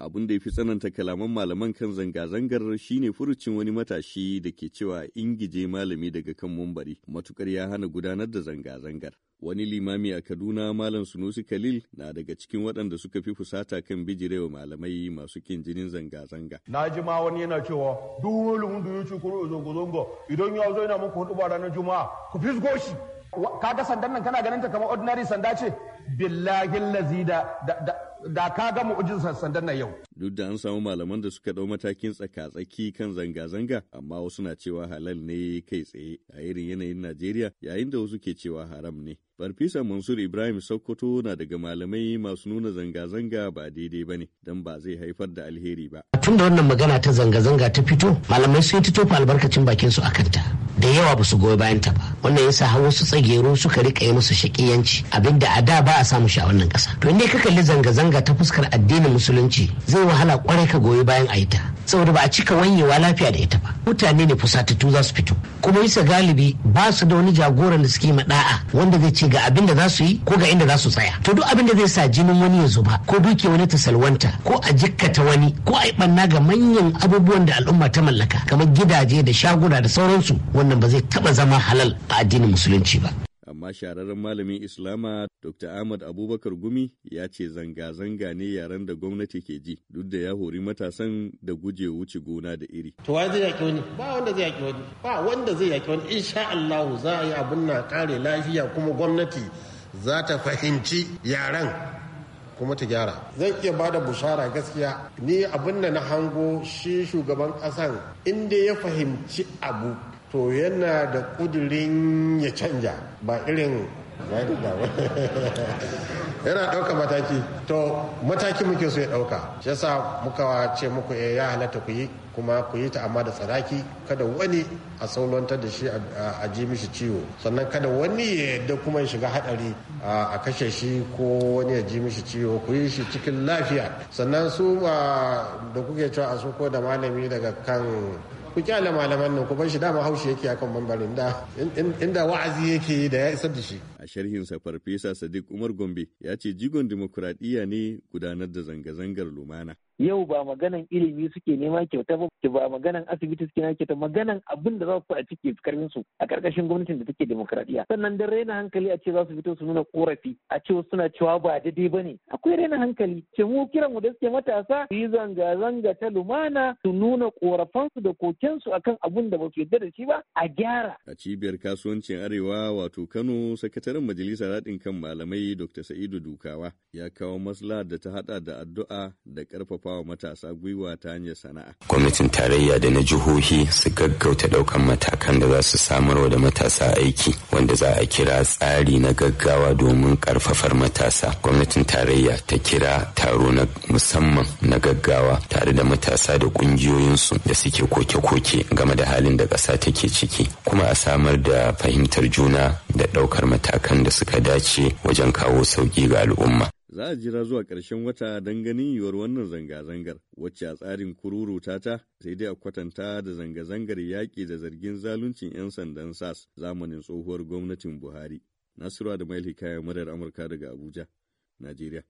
abin da ya fi tsananta kalaman malaman kan zanga-zangar shine furucin wani matashi da ke cewa ingije malami daga kan mumbari matukar ya hana gudanar da zanga-zangar wani limami a kaduna malam sunusi khalil na daga cikin waɗanda suka fi fusata kan bijirewa malamai masu kin jinin zanga-zanga na ji ma wani yana cewa duk wani ya ce kuro zango zango idan ya zo yana muku hudu ranar juma'a ku fisgo shi kaga sandan nan kana ganin ta kamar ordinary sanda ce billahin lazi da ka ga mu'ujizar sandan na yau. Duk da an samu malaman da suka ɗau matakin tsaka-tsaki kan zanga-zanga, amma wasu na cewa halal ne kai tsaye a irin yanayin Najeriya yayin da wasu ke cewa haram ne. Farfisa Mansur Ibrahim Sokoto na daga malamai masu nuna zanga-zanga ba daidai ba ne, don ba zai haifar da alheri ba. Tun da wannan magana ta zanga-zanga ta fito, malamai sun fito albarkacin bakinsu su a kanta, da yawa ba su goyi bayan ta ba. wannan ya har wasu tsageru suka rika yi musu shaƙiyanci abinda a da ba a samu shi a wannan ƙasa. to inda ka kalli zanga-zanga ta fuskar addinin musulunci zai wahala kwarai ka goyi bayan a yi ta saboda ba a cika wanyewa lafiya da ita ba mutane ne fusatattu za su fito kuma bisa galibi ba su da wani jagoran da suke ma da'a wanda zai ce ga abin da za su yi ko ga inda za su tsaya to duk abin da zai sa jinin wani ya zuba ko duke wani ta salwanta ko a jikkata wani ko a yi banna ga manyan abubuwan da al'umma ta mallaka kamar gidaje da shaguna da sauransu wannan ba zai taba zama halal a addinin musulunci ba amma shahararren malamin Islama Dr. Ahmad Abubakar Gumi ya ce zanga-zanga ne yaren da gwamnati ke ji duk da ya hori matasan da guje wuce gona da iri. To wa zai yaki wani? Ba wanda zai yaki wani. Ba wanda zai yaki wani. Insha Allah za a yi abun na kare lafiya kuma gwamnati za ta fahimci yaren kuma ta gyara. Zan iya ba da bushara gaskiya ni abin na hango shi shugaban ƙasan inda ya fahimci abu to yana da kudirin ya canja ba irin yana ɗauka mataki to mataki muke so ya ɗauka shi yasa muka ce muku eh, ya halatta ku yi kuma ku yi ta amma da tsaraki kada wani a saulantar da shi a ji mishi ciwo sannan kada wani ya yadda kuma shiga hadari a kashe shi ko wani ya ji mishi ciwo ku yi shi cikin lafiya sannan su da kuke cewa a suko da malami daga kan ku kyale malaman nan ku bar shi dama haushi yake akan mambarin da inda wa'azi yake da ya isar da shi a sharhin sa farfesa sadiq umar gombe ya ce jigon dimokuraɗiyya ne gudanar da zanga-zangar lumana yau ba maganan ilimi suke nema kyauta ba ba maganan asibiti suke nema kyauta maganan abin da za su a ciki karfin su a karkashin gwamnatin da take demokradiya sannan dan raina hankali a ce za su fito su nuna korafi a ce suna cewa ba daidai ba ne akwai raina hankali ce mu kiran mu da suke matasa su yi zanga zanga ta lumana su nuna korafansu da kokensu akan abin da ba su yarda da shi ba a gyara a cibiyar kasuwancin arewa wato Kano sakataren majalisa haɗin kan malamai Dr. Sa'idu Dukawa ya kawo maslahar da ta hada da addu'a da karfafa wa matasa gwiwa ta hanyar sana'a. Gwamnatin tarayya da na jihohi su gaggauta ɗaukar matakan da za su samarwa da matasa aiki wanda za a kira tsari na gaggawa domin karfafar matasa. Gwamnatin tarayya ta kira taro na musamman na gaggawa tare da matasa da ƙungiyoyinsu da suke koke-koke game da halin da ƙasa take ciki kuma a samar da fahimtar juna da ɗaukar matakan da suka dace wajen kawo sauƙi ga al'umma. Za a jira zuwa ƙarshen wata don ganin yiwuwar wannan zanga-zangar, wacce a tsarin kururuta ta sai dai a kwatanta da zanga-zangar yaƙi da zargin zaluncin 'yan sandan SAS zamanin tsohuwar gwamnatin Buhari. Nasiru da Maili Kaya murar Amurka daga Abuja, Najeriya.